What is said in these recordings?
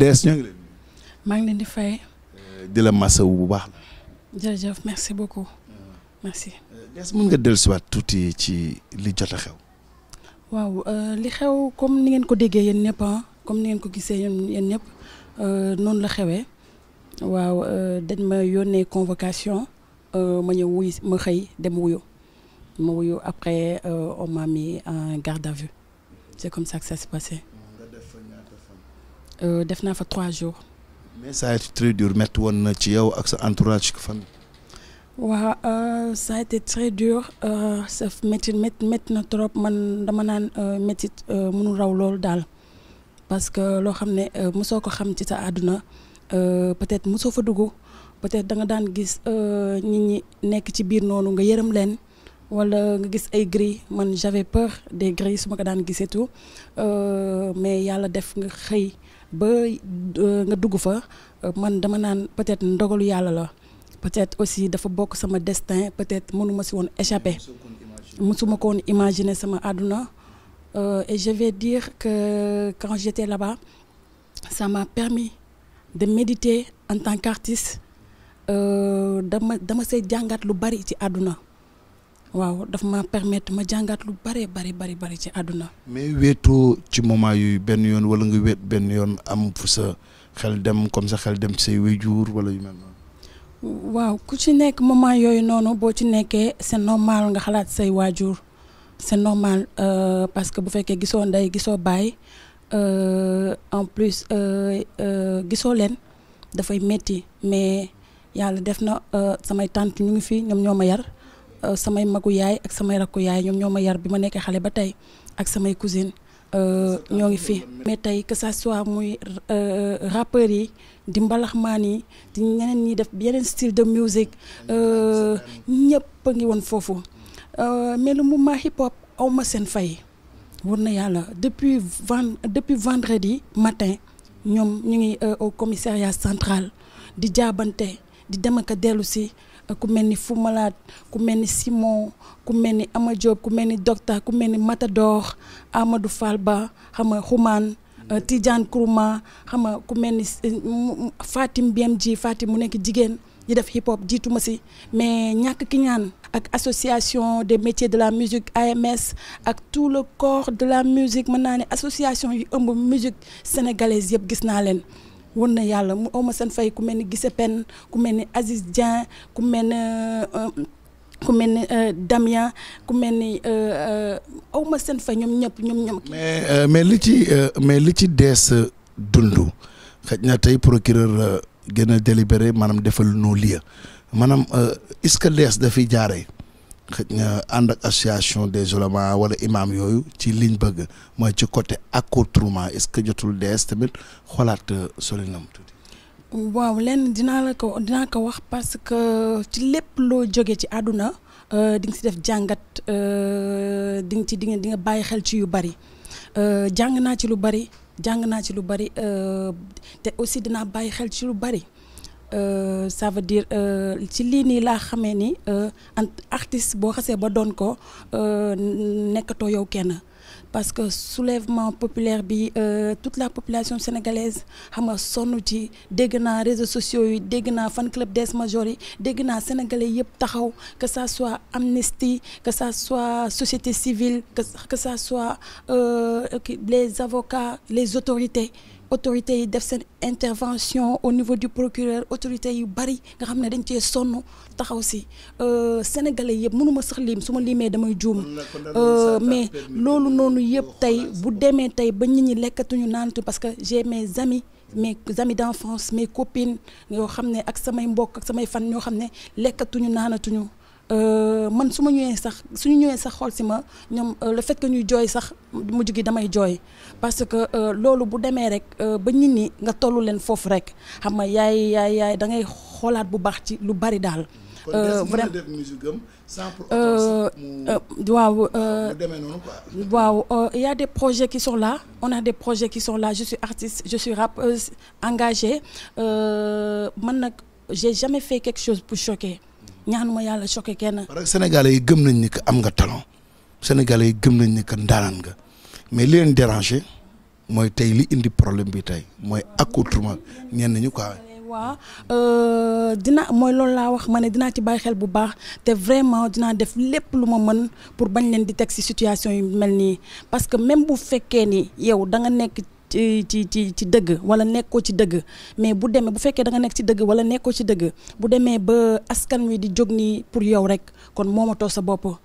dees ñoo leen. maa ngi leen di fay. Eh, di la wu bu baax. jërëjëf merci beaucoup eh. merci. Eh, dees mën nga dellusiwaat tuuti ci li jot a xew. waaw li xew comme ni ngeen ko déggee yéen ñëpp ah, comme ni ngeen ko gisee yéen ñëpp noonu la xewee waaw dañ ma yónnee convocation ma ñëw wuy ma xëy dem wuyu ma wuyu après on m'a mis en garde à vue c'est comme ça que ça s'est passé. Euh, def naa fa trois jours. mais ça a été très dur woon na ci yow ak sa entourage ak famille. waaw euh, ça a été très euh, métti na trop man dama naan métti mënul raw loolu daal parce que loo xam ne mosoo ko xam ci sa àdduna peut-être mosoo fa dugg peut-être da nga daan gis nit ñi nekk ci biir noonu nga yërëm leen. wala nga gis ay gris man j'avais peur des gris su ma ko daan gisee tout euh, mais yàlla def nga xëy ba euh, nga dugg fa euh, man dama naan peut-être ndogalu yàlla la peut-être aussi dafa bokk sama destin peut-être mënuma si woon échapper mësuma ko woon imaginer sama àdduna et je vais dire que quand j'étais là-bas permis de méditer en tant qu'artiste dama dama say jàngat lu bari ci àdduna waaw dafa ma permettre ma jàngaat lu bare bari bari bari ci àdduna. mais wéetoo ci moment yooyu benn yoon wala nga wéet benn yoon am fu sa xel dem comme sa xel dem ci say waajur wala yu mel noonu. waaw ku ci nekk moment yooyu noonu boo ci nekkee c'est normal nga xalaat say waajur c'est normal euh, parce que bu fekkee gisoo ndey gisoo baay euh, en plus euh, euh, gisoo leen dafay metti mais yàlla def na samay tante ñu ngi fii ñoom ñoo ma yar. Euh, samay magu ak samay rakku yaay ñoom ñoo ma yar bi ma nekkee xale ba tey ak samay cousine euh, ñoo ngi fi mais tey que ça soit muy euh, rappeurs yi di mbalaxmaan yi di ñeneen ñi def yeneen style de musique ñëpp a ngi woon foofu mais mu mouvement hip hop aw ma seen fay war na yàlla depuis vend depuis vendredi matin ñoom ñu ngi au commissariat central di jaabante di dem ak dellusi ku mel ni Fou Malade ku mel ni Simon ku mel ni Ama Diop ku mel ni Docta ku mel ni Matador Amadou Fall Ba xam nga Xumaan euh, Tidiane Kourouma xam nga ku mel ni euh, Fatim BMG Fatim mu nekk jigéen di def hip hop jiitu ma si mais ñàkk ki ñaan ak association des métier de la musique AMS ak tout le corps de la musique mën naa ne association yu ëmb musique sénégalaise yëpp gis naa leen won na yàlla mu awma seen fay ku mel ni Gise ku mel ni Aziz Dieng ku mel ni euh, euh, ku mel ni euh, Damien ku mel ni awma seen fay ñoom ñëpp ñoom ñoom. mais mais li ci mais li ci dees dund xëj na tey procureur gën a délibéré maanaam defal non lieu maanaam est-ce que dees dafiy jaaree. xëj na ànd ak association des oulémas wala imam yooyu ci liñ bëgg mooy ci côté accoutrement est-ce que jotul des tamit xoolaat euh, solinam tuuti waaw lenn dinaa la ko dinaa ko wax parce que ci lépp loo jóge ci àdduna euh, di nga si def jàngat euh, di nga ci di nga di nga bàyyi xel ci yu bari jàng naa ci lu bari jàng naa ci lu bari te aussi dinaa bàyyi xel ci lu bari Euh, ça veut dire euh, ci lii nii laa xamee ni en euh, artiste boo xasee ba doon ko nekkatoo yow kenn parce que soulèvement populaire bi toute la population sénégalaise xam nga sonn ci dégg naa réseaux sociaux yi dégg naa fan club des majors yi dégg naa sénégalais yëpp taxaw que ça soit amnistie que ça soit société civile que que ça soit les avocats les autorités autorités yi def seen intervention au niveau du procureur autorités yu bari nga xam ne dañ cee sonn taxaw si euh, sénégalais yëpp mënuma sax lim su ma limee damay juum euh, mais loolu noonu yëpp tey bu demee tey ba ñi ñi lekkatuñu naantu parce que mais mes amis mes amis d'enfance mes copines yoo xam ne ak samay mbokk ak samay fan ñoo xam ne lekkatuñu naanatuñu Euh, man su ma ñëwee sax suñu ñëwee sax xool si ma ñoom euh, le fait que ñuy jooy sax mujj gi damay jooy parce que euh, loolu bu demee rek ba nit nga tollu leen foofu rek xam ma yaay yaay yaay da ngay xoolaat bu baax ci lu bari daal. vraiment def musique am sans pour waaw waaw il y des projets qui sont là on a des projet qui sont là je suis artiste je suis rappeuse engagée man nag je jamais fait quelque chose pour choquer. ñaanuma yàlla choqué kenn. parce que yi gëm nañ ni que am nga talent sénégalais yi gëm nañ ni que ndaanaan nga mais li leen déranger mooy tey li indi problème bi tey mooy accoutrement ñenn ñu quoi. waaw euh, dina mooy loolu laa wax ma ne dinaa ci bàyyi xel bu baax te vraiment dinaa def lépp lu ma mën pour bañ leen di teg ci situation yu mel nii parce que même bu fekkee ni yow da nga nekk. ci ci ci ci dëgg wala nekkoo ci dëgg mais bu demee bu fekkee da nga nekk ci dëgg wala nekkoo ci dëgg bu demee ba askan wi di jóg nii pour yow rek kon moomatoo sa bopp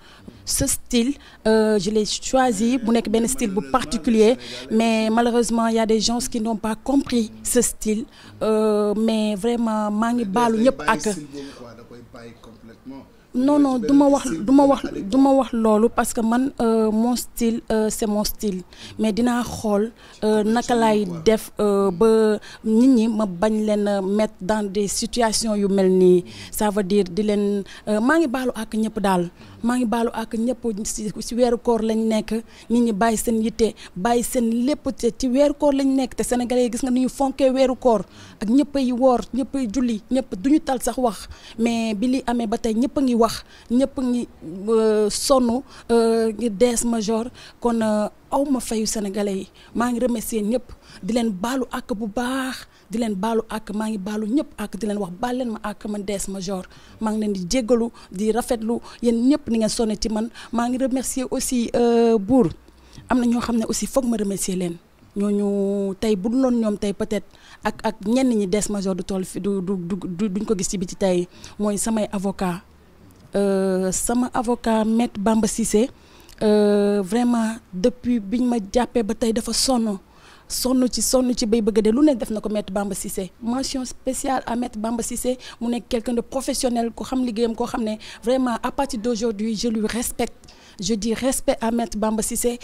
ce style euh, je l'ai choisi bu nekk benn style bu particulier mais malheureusement y des gens qui n'ont pas compris ce style euh, mais vraiment maa ngi baalu ñëpp ak non non du ma wax du ma wax du ma wax loolu parce que man euh, mon style euh, c'est mon style mais dinaa xool euh, naka lay def ba nit ñi ma bañ leen mettre dans des situation yu mel nii ça veut dire di leen maa ngi baalu ak ñëpp daal maa ngi baalu ak ñëpp ci weeru koor lañ nekk nit ñi bàyyi seen yitte bàyyi seen lépp te ci weeru koor lañ nekk te sénégalais gis nga ni ñu fonkee weeru koor ak ñëpp ay woor ñëpp ay julli ñëpp du ñu tal sax wax mais bi li amee ba tey ñëpp a ngi wax ñëpp a ngi euh, sonn euh, dees major kon euh, awma ma fayu sénégalais yi maa ngi remercier ñëpp di leen baalu àkk bu baax di leen baalu àkk maa ngi baalu ñëpp àkk di leen wax baal leen ma àkk man des Major maa ngi leen di jéggalu di rafetlu yéen ñëpp ni ngeen sonné ci man maa ngi remercier aussi euh, buur am na ñoo xam ne aussi foog ma remercier leen ñooñu tey bu dul woon ñoom tey peut-être ak ak ñenn ñi des Major du tool fi du du duñ ko gis ci bi ci tey mooy samay avocat euh, sama avocat maître Bamba Cissé Euh, vraiment depuis biñ ma jàppee ba tey dafa sonn sonn ci sonn ci bay bëgg de lu ne def na ko maître Bamba Cissé mention spéciale à maître Bamba Cissé mu nekk quelqu'un de professionnel ku xam liggéeyam koo xam ne vraiment à partir d'aujourd'hui je lui respecte je dis respect à maître Bamba Cissé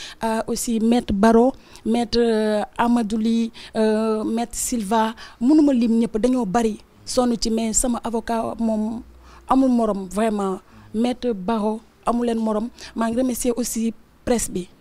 aussi maître Baro maître euh, Amadou Ly euh, maître Silva mënuma liim ñëpp dañoo bari sonn ci mais sama avocat moom amul morom vraiment maître Baro amu leen morom maa ngi remercier aussi presse bi.